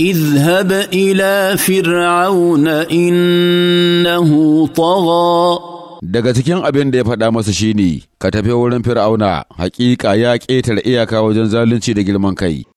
اذهب الى فرعون انه طغى daga cikin abin da ya faɗa masa shine ka tafi wurin fir'auna hakika ya ƙetare iyaka wajen zalunci da girman kai